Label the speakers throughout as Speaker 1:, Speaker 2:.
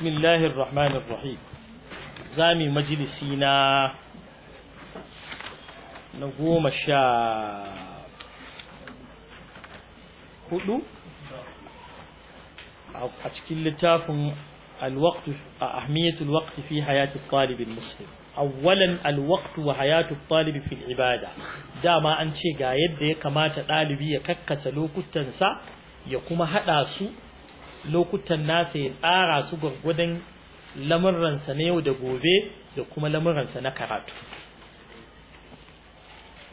Speaker 1: بسم الله الرحمن الرحيم زامي مجلسينا نقوم الشا هدو أتكل لتاف الوقت أهمية الوقت في حياة الطالب المسلم أولا الوقت وحياة الطالب في العبادة دام أنشي قايد كما تطالبي ككتلو كتنسى يقوم هدى سوء lokutan nasa ya tsara su gwargwadon lamuransa na yau da gobe da kuma lamuransa na karatu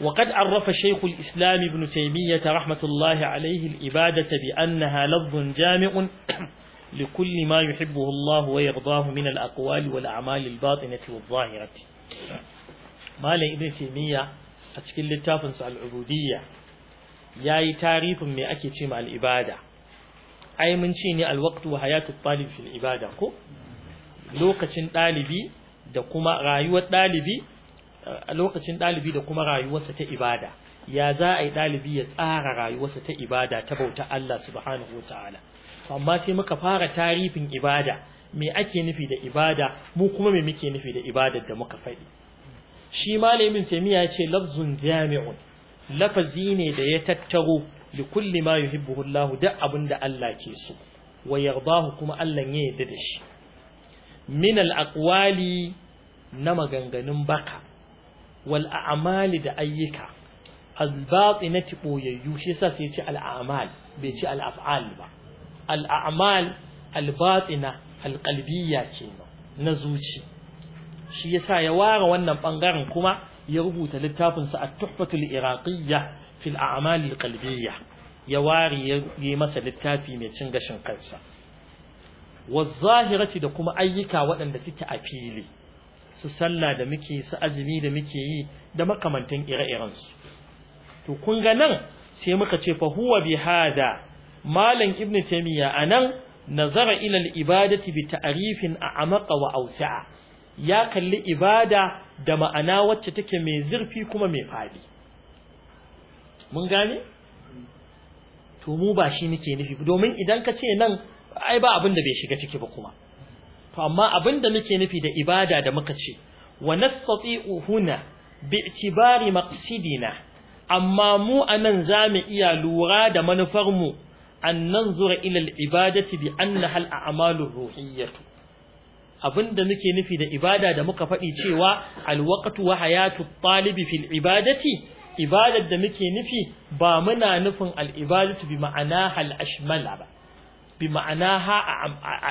Speaker 1: وقد عرف شيخ الإسلام ابن تيمية رحمة الله عليه الإبادة بأنها لفظ جامع لكل ما يحبه الله ويرضاه من الأقوال والأعمال الباطنة والظاهرة ما ابن تيمية أتكلم تافنس العبودية ياي تعريف من أكيد مع الإبادة ai mun ce ne alwaqtu wa hayatu talib fil ibada ko lokacin dalibi da kuma rayuwar dalibi lokacin dalibi da kuma rayuwarsa ta ibada ya za a yi dalibi ya tsara rayuwarsa ta ibada ta bauta Allah subhanahu wataala amma sai muka fara tarifin ibada me ake nufi da ibada mu kuma me muke nufi da ibada da muka faɗi shi malamin tamiya ya ce lafzun jami'un lafazi ne da ya tattaro Likulli kulli ma yuhibbuhu Allah duk abin da Allah ke so wa yardahu kuma Allah ya yarda da shi min al aqwali na maganganun baka wal a'mali da ayyuka al batinati boyayyu shi yasa sai ya ce al a'mal bai ce al af'al ba al a'mal al batina al qalbiyya na zuci shi yasa ya ware wannan bangaren kuma ya rubuta littafinsa at-tuhfatul iraqiyya fil a'malil qalbiyya ya wari ya yi masa littafi mai cin gashin kansa wazahirati da kuma ayyuka waɗanda suke a fili su sallah da muke su azumi da muke yi da makamantan ire-iren su to kun ga nan sai muka ce fa huwa bi hada malam ibnu taymiya anan nazara ila al-ibadati bi ta'rifin a'maqa wa awsa'a ya kalli ibada da ma'ana wacce take mai zurfi kuma mai fadi mun gane to mu ba shi nake nufi domin idan ka ce nan ai ba abin da bai shiga ciki ba kuma to amma abin da muke nufi da ibada da muka ce wa nastati'u huna bi'tibari maqsidina amma mu anan zamu iya lura da manufar mu an nanzura ila al-ibadati bi annaha al-a'malu ruhiyyatu abinda muke nufi da ibada da muka faɗi cewa al wa hayatu at-talibi fil ibadati ibadar da muke nufi ba muna nufin al'ibadatu bi ma'ana ba bi ma'ana ha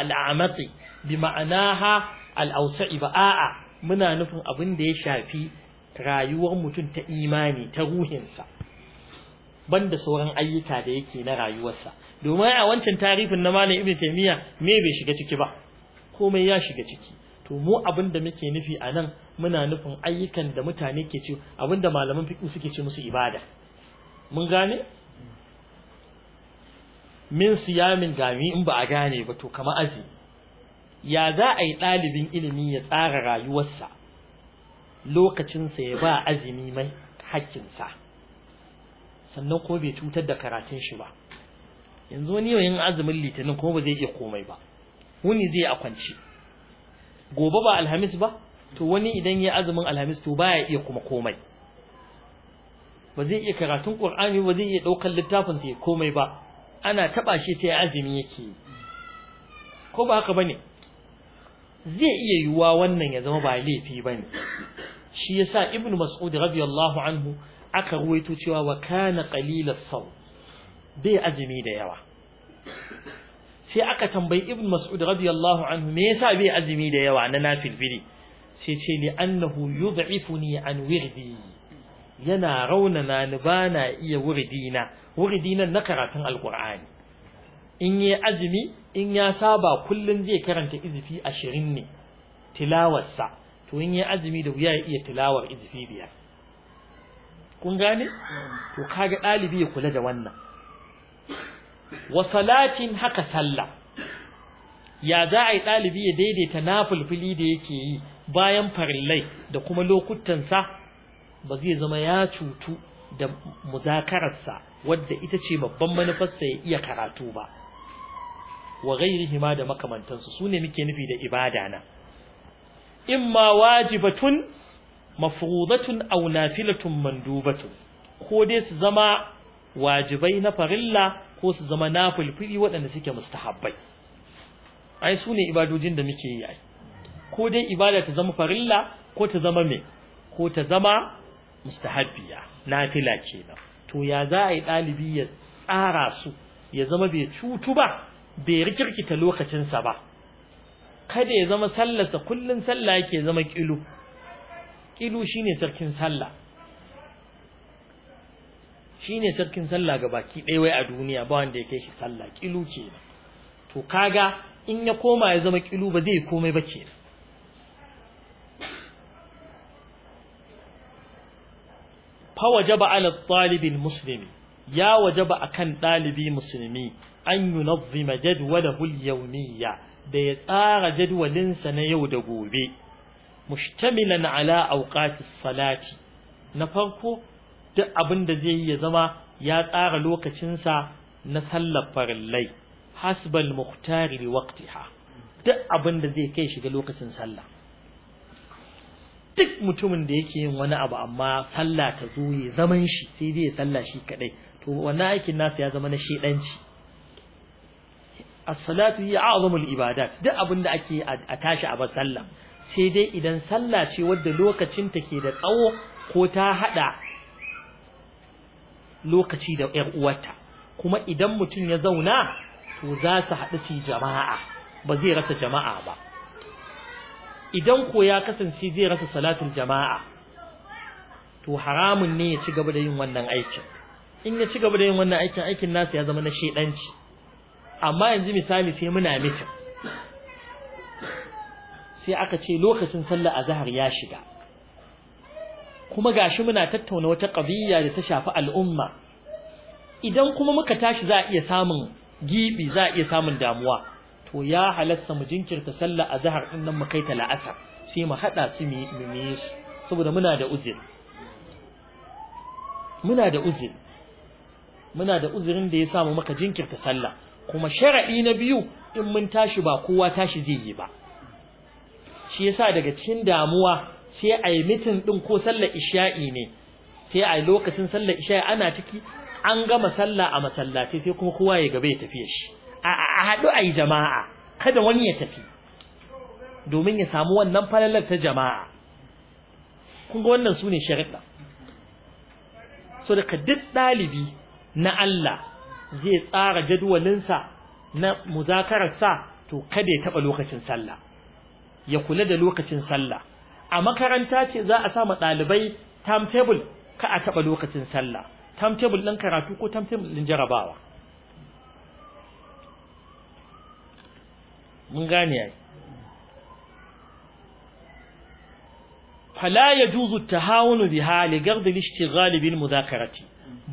Speaker 1: al'amati bi ma'ana ha al'ausa'i ba a'a muna nufin abin da ya shafi rayuwar mutum ta imani ta ruhinsa banda sauran ayyuka da yake na rayuwarsa domin a wancan tarihin na malam ibn taymiya me bai shiga ciki ba komai ya shiga ciki to mu abin da muke nufi a nan muna nufin ayyukan da mutane ke ce abinda malaman fiqh suke ce musu ibada mun gane min siyamin gami in ba a gane ba to kama aji ya za a yi ɗalibin ilimi ya tsara rayuwarsa lokacinsa ya ba azumi mai hakkinsa sannan ko bai cutar da karatun shi ba yanzu wani yin azumin litinin kuma ba zai iya komai ba wuni zai a kwance gobe ba alhamis ba to wani idan ya azumin alhamis to baya iya kuma komai ba zai iya karatun qur'ani ba zai iya daukar littafin sai komai ba ana taba shi sai azumi yake ko ba haka bane zai iya yiwuwa wannan ya zama ba laifi bane shi yasa ibn mas'ud radiyallahu anhu aka ruwaito cewa wa kana qalilas saw bai azumi da yawa sai aka tambayi ibn mas'ud radiyallahu anhu me yasa bai azumi da yawa na nafil fili sai ce li'annahu yud'ifuni an wirdi yana raunana ni bana iya wirdina wirdinan na karatun alqur'ani in yi azumi in ya saba kullun zai karanta izfi 20 ne tilawarsa to in yi azumi da wuya ya iya tilawar izifi biyar kun gane to kaga dalibi ya kula da wannan wa salatin haka sallah ya za a yi dalibi ya daidaita nafilfili da yake yi bayan farillai da kuma lokutansa ba zai zama ya cutu da muzakararsa wadda ita ce babban manufarsa ya iya karatu ba wa hima da makamantansu sune muke nufi da ibada na imma wajibatun mafrudatun aw nafilatun mandubatun ko dai su zama wajibai na farilla ko su zama nafilfili waɗanda suke mustahabbai ai sune ibadojin da muke yi ko dai ibada ta zama farilla ko ta zama me ko ta zama mustahabbiya nafila kenan to ya za a yi ɗalibi ya tsara su ya zama bai cutu ba bai rikirkita lokacinsa ba kada ya zama sallarsa kullun sallah yake zama kilu kilu shine sarkin sallah shine sarkin sallah ga baki ɗaya wai a duniya ba wanda ya kai shi sallah kilu kenan to kaga in ya koma ya zama kilu ba zai komai ba kenan fa wajaba ala talibin muslimi ya wajaba akan dalibi musulmi an yunazzima jadwalahu al-yawmiyya da ya tsara jadwalinsa na yau da gobe mushtamilan ala awqatis salati na farko duk abin da zai yi ya zama ya tsara lokacinsa na sallar farillai hasbal muhtari waqtiha duk abin da zai kai shiga lokacin sallah duk mutumin da yake yin wani abu amma sallah ta zo ya zaman shi sai dai ya sallah shi kadai to wannan aikin nasa ya zama na shedanci as-salatu hiya a'zamul ibadat duk abin da ake a tashi a bar sallah sai dai idan sallah ce wadda lokacin ta ke da tsawo ko ta hada lokaci da 'yar uwarta kuma idan mutum ya zauna to za su haɗu su jama'a ba zai rasa jama'a ba idan ko ya kasance zai rasa salatul jama'a to haramun ne ya ci gaba da yin wannan aikin in ya ci gaba da yin wannan aikin aikin nasa ya zama na shedanci amma yanzu misali sai muna miki sai aka ce lokacin sallar azhar ya shiga kuma gashi muna tattauna wata qadiyya da ta shafi al'umma idan kuma muka tashi za a iya samun gibi za a iya samun damuwa to ya halatta mu jinkirta sallah azhar din nan mu kai ta la'asar sai mu hada su mu yi su saboda muna da uzur muna da uzur muna da uzurin da ya samu maka jinkirta sallah kuma shar'i na biyu in mun tashi ba kowa tashi zai yi ba shi yasa daga cikin damuwa sai a yi mitin din ko sallar isha'i ne sai a lokacin sallar isha'i ana ciki an gama sallah a masallaci sai kuma kowa ya gaba ya tafiye shi a haɗu a yi jama'a kada wani ya tafi domin ya samu wannan falalar ta jama'a kun ga wannan su ne so daga duk ɗalibi na Allah zai tsara jadwalinsa na muzakararsa to kada ya taɓa lokacin sallah ya kula da lokacin sallah a makaranta ce za a sama ɗalibai timetable ka a taɓa lokacin sallah timetable ɗin karatu ko timetable ɗin jarabawa mun gane ai fala yajuzu tahawunu biha li gard al-ishtighal bil mudhakarati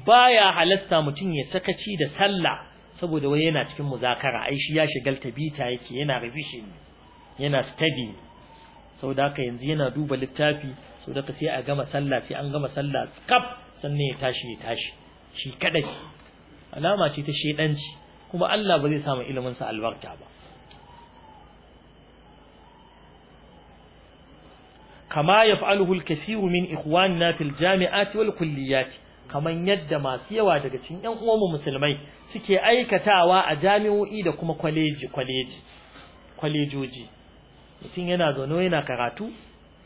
Speaker 1: baya halasta mutun ya sakaci da sallah saboda wai yana cikin muzakara ai shi ya shigalta bita yake yana revision yana study saboda haka yanzu yana duba littafi saboda haka sai a gama sallah sai an gama sallah kaf sannan ya tashi ya tashi shi kadai alama ce ta shedanci kuma Allah ba zai samu ilimin sa albarka ba kama yaf'aluhu al-kathiru min ikhwanina fil jami'ati wal kulliyati kaman yadda masu yawa daga cikin ƴan uwanmu musulmai suke aikatawa a jami'o'i da kuma kwalejoji mutum yana zaune yana karatu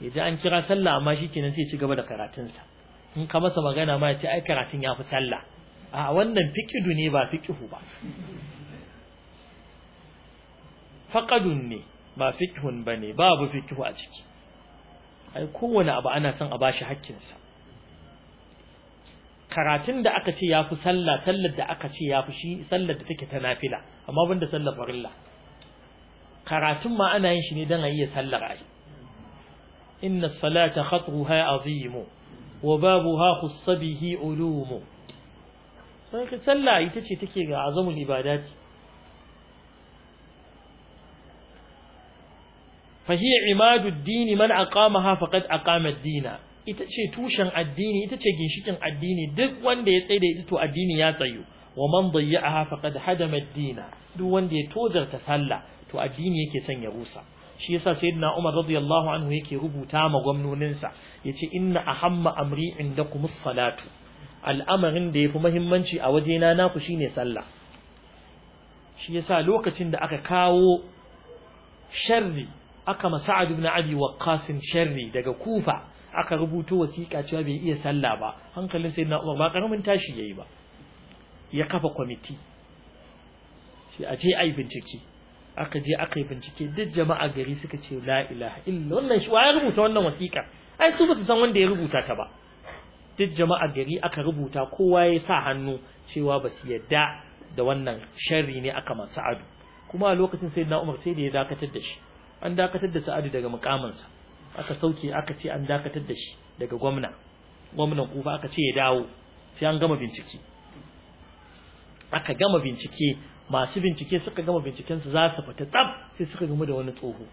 Speaker 1: ya ji an kira sallah amma kenan sai ya ci gaba da karatunsa in ka masa magana ma ya ce ai karatun ya fi sallah a wannan fiqidu ne ba fikihu ba Faƙadun ne ba fiqhun bane babu fikihu a ciki ai kowane abu ana son a bashi hakkinsa karatun da aka ce ya fi sallah sallar da aka ce ya fi shi sallar da take ta nafila amma ban da sallar farilla karatun ma ana yin shi ne don a iya sallar ai inna salata khatruha azimu wa babuha khussabihi ulumu sai ka sallah ita ce take ga azamul ibadati fahiya imadu dini man aqamaha faqad aqama ad-dina ita ce tushen addini ita ce ginshikin addini duk wanda ya tsaye da ita to addini ya tsayu wa man dayya'aha faqad hadama ad-dina duk wanda ya tozarta sallah to addini yake son ya rusa shi yasa sayyidina Umar radiyallahu anhu yake rubuta ma gwamnoninsa yace inna ahamma amri indakum as-salatu al'amarin da yafi muhimmanci a wajena naku shine sallah shi yasa lokacin da aka kawo sharri aka ma Sa'ad ibn Abi Waqqas sharri daga Kufa aka rubuto wasiƙa cewa bai iya sallah ba hankalin na Umar ba karamin tashi yayi ba ya kafa kwamiti sai a je ai bincike aka je aka yi bincike duk jama'a gari suka ce la ilaha illa wannan shi waye rubuta wannan wasiƙa ai su basu san wanda ya rubuta ta ba duk jama'a gari aka rubuta kowa ya sa hannu cewa ba su yadda da wannan sharri ne aka masu adu kuma a lokacin sai na umar sai da ya dakatar da shi an dakatar da Sa'adu daga mukaminsa aka sauke aka ce an dakatar da shi daga gwamna gwamnan kufa aka ce ya dawo sai an gama bincike aka gama bincike masu bincike suka gama binciken su za su fita tsab sai suka gama da wani tsoho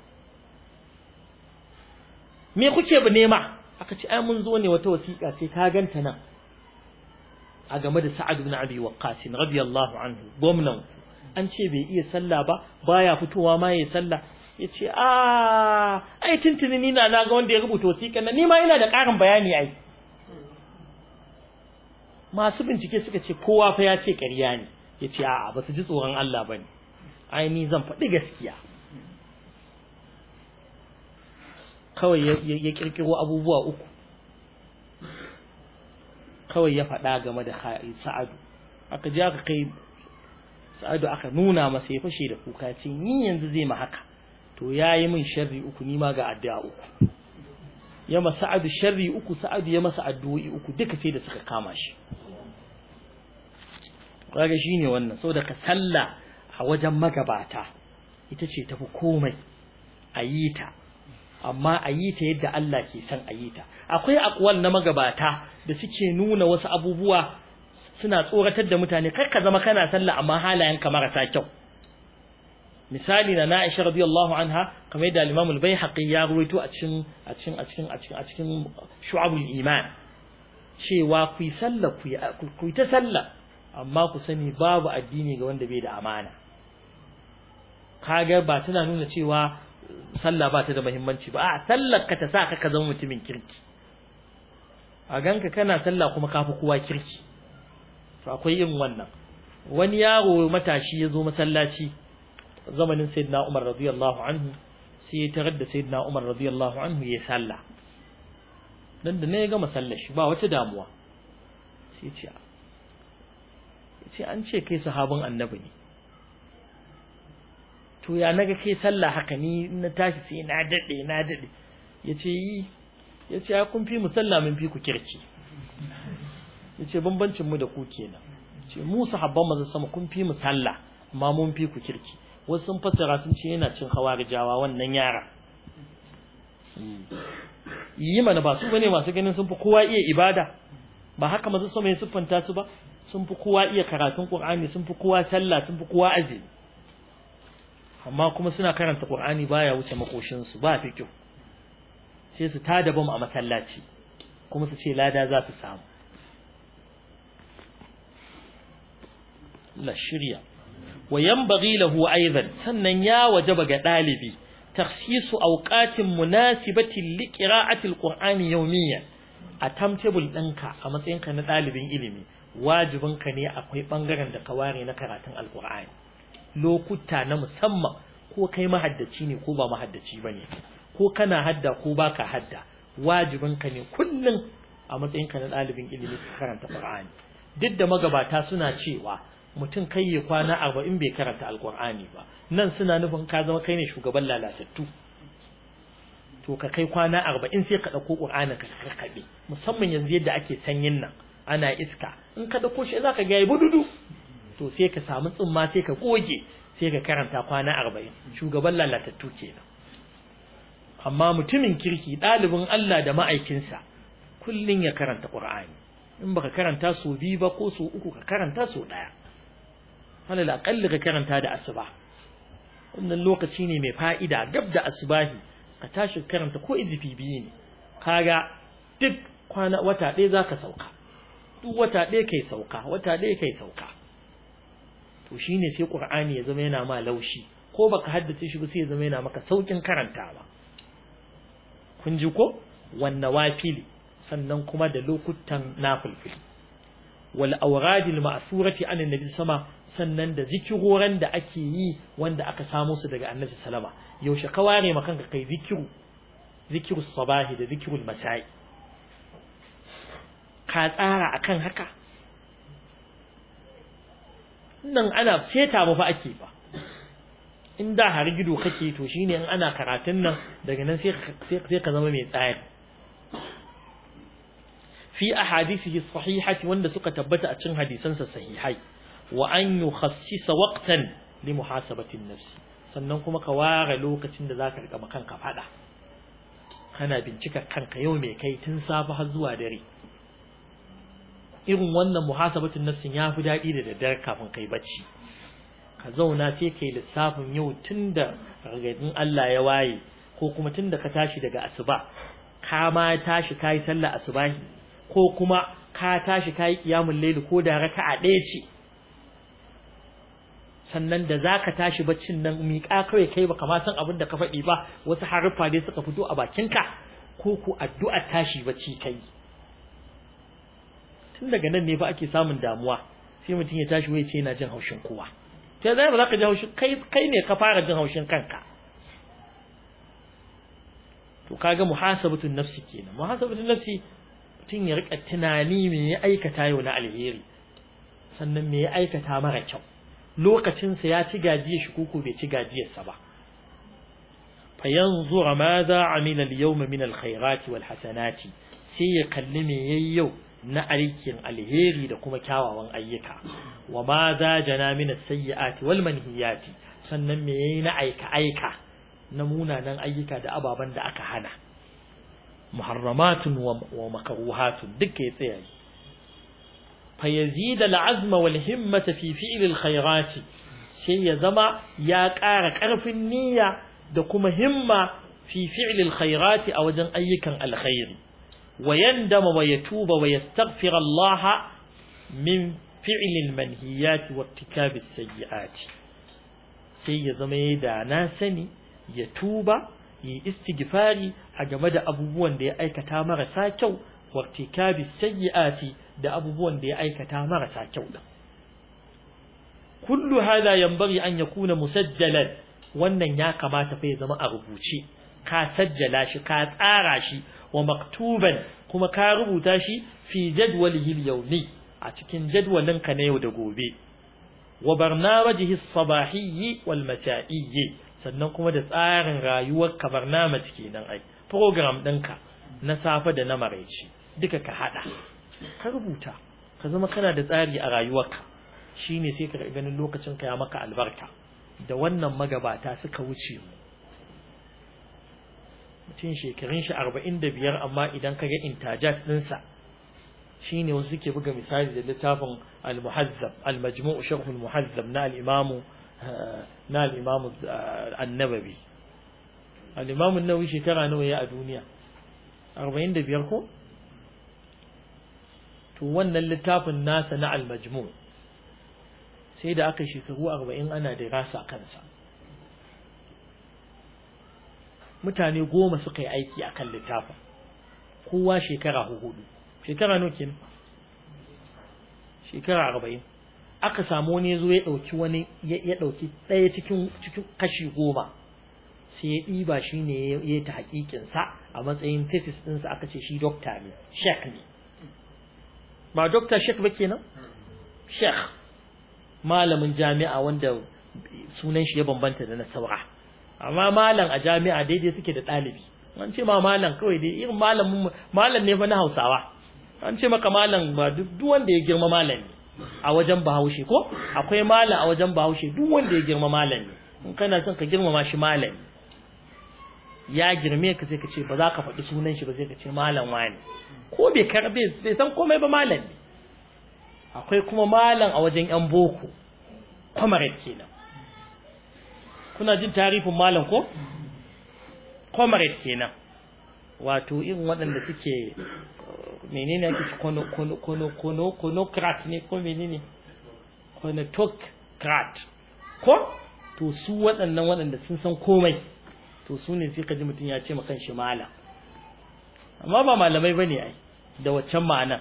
Speaker 1: me kuke ba nema aka ce ai mun zo ne wata wasiƙa ce ka ganta nan a game da Sa'ad ibn Abi Waqqas radiyallahu anhu gwamnan an ce bai iya sallah ba baya fitowa ma yayi sallah Yace a ah, ai tuntuni ni na ga wanda ya rubuta wasiƙa na nima ina da ƙarin bayani ai masu bincike suka ce kowa fa ya ce ƙarya ne yace ce a ba su ji tsoron Allah ba ne ai ni zan faɗi gaskiya kawai ya kirkiro abubuwa uku kawai ya faɗa game da sa'adu aka ji aka kai sa'adu aka nuna masa ya fashe da kuka ce ni yanzu zai ma haka to yayi min sharri uku nima ga addu'a uku ya masa addu sharri uku sa'adu ya masa addu'o'i uku duka sai da suka kama shi kaga shine wannan saboda ka salla a wajen magabata ita ce tafi komai ayi ta amma ayi ta yadda Allah ke son ayi ta akwai aqwal na magabata da suke nuna wasu abubuwa suna tsoratar da mutane kar ka zama kana sallah amma halayen ka marasa kyau misali na Aisha radiyallahu anha kamar da Imam al-Baihaqi ya ruwaito a cikin a cikin a cikin a cikin a cikin Shu'abul Iman cewa ku yi sallah ku yi ku ta sallah amma ku sani babu addini ga wanda bai da amana kaga ba suna nuna cewa sallah ba ta da muhimmanci ba a sallar ka ta sa ka zama mutumin kirki a ganka kana sallah kuma kafi kowa kirki to akwai yin wannan wani yaro matashi ya zo masallaci zamanin sayyidina Umar radiyallahu anhu sai ya tarar da sayyidina Umar radiyallahu anhu ya sallah dan da ne ya gama sallar shi ba wata damuwa sai ce Ya ce an ce kai sahabin annabi ne to ya naga kai sallah haka ni na tashi sai na dade na dade ce yi ya ce kun fi mu sallah mun fi ku kirki Ya ce bambancin mu da ku kenan ce mu sahabban manzon sama kun fi mu sallah amma mun fi ku kirki wasu sun fassara sun ce yana cin hawa rijawa wannan yara yi mana ba su bane masu ganin sun fi kowa iya ibada ba haka mazu sama ya siffanta su ba sun fi kowa iya karatun Qur'ani sun fi kowa sallah sun fi kowa azumi amma kuma suna karanta Qur'ani baya wuce makoshin su ba kyau. sai su tada bam a masallaci kuma su ce lada za su samu la shirya wa yanbaghi lahu aizan sannan ya wajaba ga dalibi takhsisu awqatin munasibatin li qira'ati alqur'ani yawmiyyan a timetable ɗinka a matsayinka na ɗalibin ilimi wajibinka ne akwai ɓangaren da ka ware na karatun alkur'ani lokuta na musamman ko kai mahaddaci ne ko ba mahaddaci ba ne ko kana hadda ko ba ka hadda wajibinka ne kullum a matsayinka na ɗalibin ilimi ka karanta ƙur'ani duk da magabata suna cewa mutum kai ya kwana arba'in bai karanta alkur'ani ba nan suna nufin ka zama kai ne shugaban lalatattu to ka kai kwana arba'in sai ka ɗauko ƙur'anin ka kakkaɓe musamman yanzu yadda ake sanyin nan ana iska in ka ɗauko shi za ka ga ya bududu to sai ka samu tsumma sai ka goge sai ka karanta kwana arba'in shugaban lalatattu kenan amma mutumin kirki ɗalibin Allah da ma'aikinsa kullum ya karanta ƙur'ani in baka karanta su biyu ba ko su uku ka karanta su ɗaya a aqalli ka karanta da asuba wannan lokaci ne mai fa'ida gab da asubahi ka tashi karanta ko izifi biyu ne kaga duk kwana wata ɗaya zaka sauka duk wata ɗaya kai sauka wata ɗaya kai sauka to shine sai ƙur'ani ya zama yana ma laushi ko baka haddace shi ba sai ya zama yana maka saukin karantawa kun ji ko wannan wafili sannan kuma da lokutan nafulfili. wal awradil ma'surati an annabi sama sannan da zikiroran da ake yi wanda aka samo su daga annabi salama yaushe ka ware ma kanka kai zikiru zikiru sabahi da zikiru masai ka tsara akan haka nan ana seta ba fa ake ba in da har gido kake to shine in ana karatun nan daga nan sai ka zama mai tsari fi ahadithihi sahihati wanda suka tabbata a cikin hadisansa sahihai wa an yukhassisa waqtan li muhasabati nafsi sannan kuma ka ware lokacin da zaka rika kanka fada kana bincika kanka yau me kai tun safe har zuwa dare irin wannan muhasabatun nafsin ya fi daɗi da daddare kafin kai bacci ka zauna sai kai lissafin yau tun da ragadin Allah ya waye ko kuma tun da ka tashi daga asuba ka ma tashi kayi sallah asuba ko kuma ka tashi ka yi ƙiyamun laili ko da a ɗaya ce sannan da za ka tashi baccin nan miƙa kawai kai ba kama san abin da ka faɗi ba wasu haruffa ne suka fito a bakinka ko ku addu'a tashi bacci kai tun daga nan ne ba ake samun damuwa sai mutum ya tashi wai ce yana jin haushin kowa to zai ba za ka ji haushin kai kai ne ka fara jin haushin kanka to kaga muhasabatu nafsi kenan muhasabatu nafsi tun ya rika tunani me ya aikata yau na alheri sannan me ya aikata mara kyau lokacinsa ya ci gajiyar shi koko bai ci gajiyarsa ba fa yanzura madha a al-yawma min al-khairati wal hasanati sai ya kalli me yayi yau na aikin alheri da kuma kyawawan ayyuka wa ma za jana min as wal manhiyati sannan me yayi na aika aika na munanan ayyuka da ababan da aka hana محرمات ومكروهات دكيت يعني فيزيد العزم والهمة في فعل الخيرات شيء يزمع يا كارك أرف النية دكما همة في فعل الخيرات أو جن أي كان الخير ويندم ويتوب ويستغفر الله من فعل المنهيات وارتكاب السيئات سيد ميدا ناسني يتوب yi istighfari a game da abubuwan da ya aikata marasa kyau wartikabi sayyi'ati da abubuwan da ya aikata marasa kyau din kullu hada yanbaghi an yakuna musajjalan wannan ya kamata fa ya zama a rubuce ka sajjala shi ka tsara shi wa maktuban kuma ka rubuta shi fi jadwalihi al-yawmi a cikin jadwalinka na yau da gobe wa barnamajihi as-sabahiyyi wal mata'iyyi sannan kuma da tsarin rayuwar ka ciki kenan ai program ɗinka na safe da na maraici duka ka haɗa ka rubuta ka zama kana da tsari a rayuwarka shine sai ka ganin lokacin ka ya maka albarka da wannan magabata suka wuce mu mutum shekarun shi arba'in da biyar amma idan ka ga intajat ɗinsa shine wasu suke buga misali da littafin al-muhazzab al majmu sharh al-muhazzab na al-imamu na al-Imam an-Nawawi al-Imam an-Nawawi shekara nawa ya a duniya 45 ko to wannan littafin nasa na al-Majmu' sai da aka shekaru 40 ana da rasa kansa mutane goma suka yi aiki akan littafin kowa shekara hudu shekara nawa shekara 40 aka samu wani ya zo ya ɗauki wani ya ɗauki ɗaya cikin kashi goma sai ya ɗiba shi ne ya ta haƙiƙinsa a matsayin thesis ɗinsa aka ce shi dokta ne shek ne ba dokta shek ba kenan shek malamin jami'a wanda sunan shi ya bambanta da na saura amma malam a jami'a daidai suke da ɗalibi an ce ma malam kawai dai irin malam ne fa na hausawa an ce maka malam ba duk wanda ya girma malam ne a wajen bahaushe ko akwai malam a wajen bahaushe duk wanda ya girma ne in kana son ka girmama shi malami ya girme ka sai ka ce ba za ka faɗi sunan shi ba sai ka ce malam wani ko bai karbe bai san komai ba malam ne? akwai kuma malam a wajen yan boko comrade kenan kuna jin tarifin malam ko comrade kenan wato irin waɗanda suke menene ake kono krat ne ko menene krat ko to su waɗannan waɗanda sun san komai to su ne sai ka ji mutum ya ce makan shi malam amma ba malamai ba ne ai da waccan ma'anar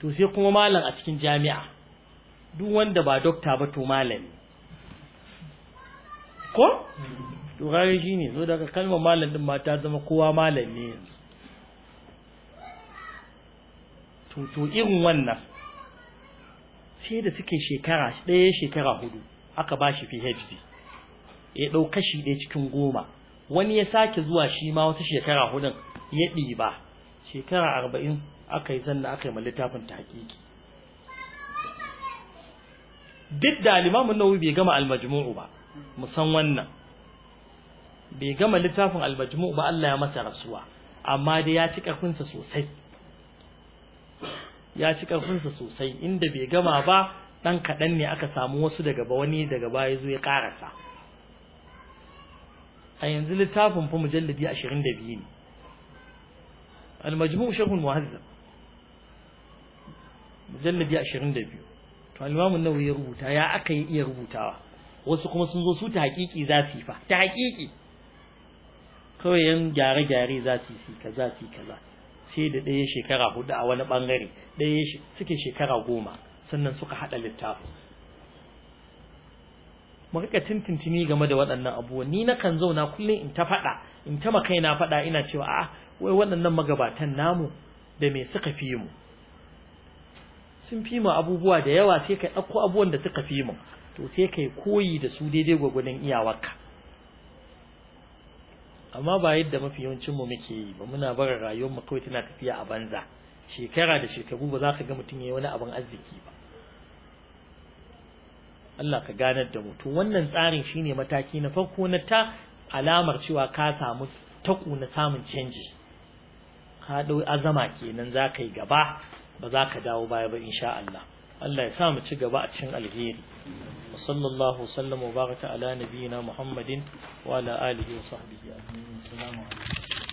Speaker 1: to sai kuma malam a cikin jami'a duk wanda ba dokta ba to malami ko to shi ne so daga kalmar malam din ma ta zama kowa malam ne yanzu to to irin wannan sai da suke shekara ɗaya shekara hudu aka ba shi PhD ya ɗau kashi ɗaya cikin goma wani ya sake zuwa shi ma wata shekara hudun ya ɗiba shekara arba'in aka yi sannan aka yi ma littafin ta hakiki duk da limamin nawawi bai gama almajmu'u ba musan wannan bai gama littafin almajmu'u ba Allah ya masa rasuwa amma dai ya ci karfinsa sosai ya ci karfinsa sosai inda bai gama ba dan kaɗan ne aka samu wasu daga ba wani daga baya zo ya karasa a yanzu littafin fa mujalladi ashirin da biyu ne al-majmu' shahul muhazzab mujalladi ashirin da biyu to al nawa nawawi ya rubuta ya aka yi iya rubutawa wasu kuma sun zo su ta haƙiƙi za su yi fa ta haƙiƙi kawai yan gyare-gyare za su yi kaza su yi kaza sai da ɗaya shekara hudu a wani ɓangare ɗaya suke shekara goma sannan suka haɗa littafin mu rika tintintini game da waɗannan abubuwan ni na kan zauna kullum in ta faɗa in ta makai na faɗa ina cewa a ah, wai waɗannan magabatan namu da me suka fi mu sun fi mu abubuwa da yawa sai kai ɗauko abubuwan da suka fi mu to sai kai koyi da su daidai gwagwadon iyawarka amma ba yadda mafi yawancin mu muke yi ba muna bara rayuwar mu kawai tana tafiya a banza shekara da shekaru ba za ka ga mutum yayi wani abin arziki ba Allah ka ganar da mutum wannan tsarin shine mataki na farko na ta alamar cewa ka samu taku na samun canji ka dau azama kenan za ka yi gaba ba za ka dawo baya ba insha Allah Allah ya samu ci gaba a cin alheri sallallahu sallam wa baraka ala nabiyyina muhammadin wa ala alihi wa sahbihi ajma'in assalamu alaikum